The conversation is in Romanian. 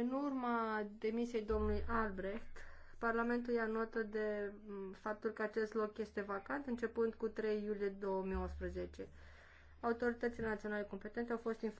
În urma demisiei domnului Albrecht, Parlamentul ia notă de faptul că acest loc este vacant începând cu 3 iulie 2018. Autoritățile naționale competente au fost informate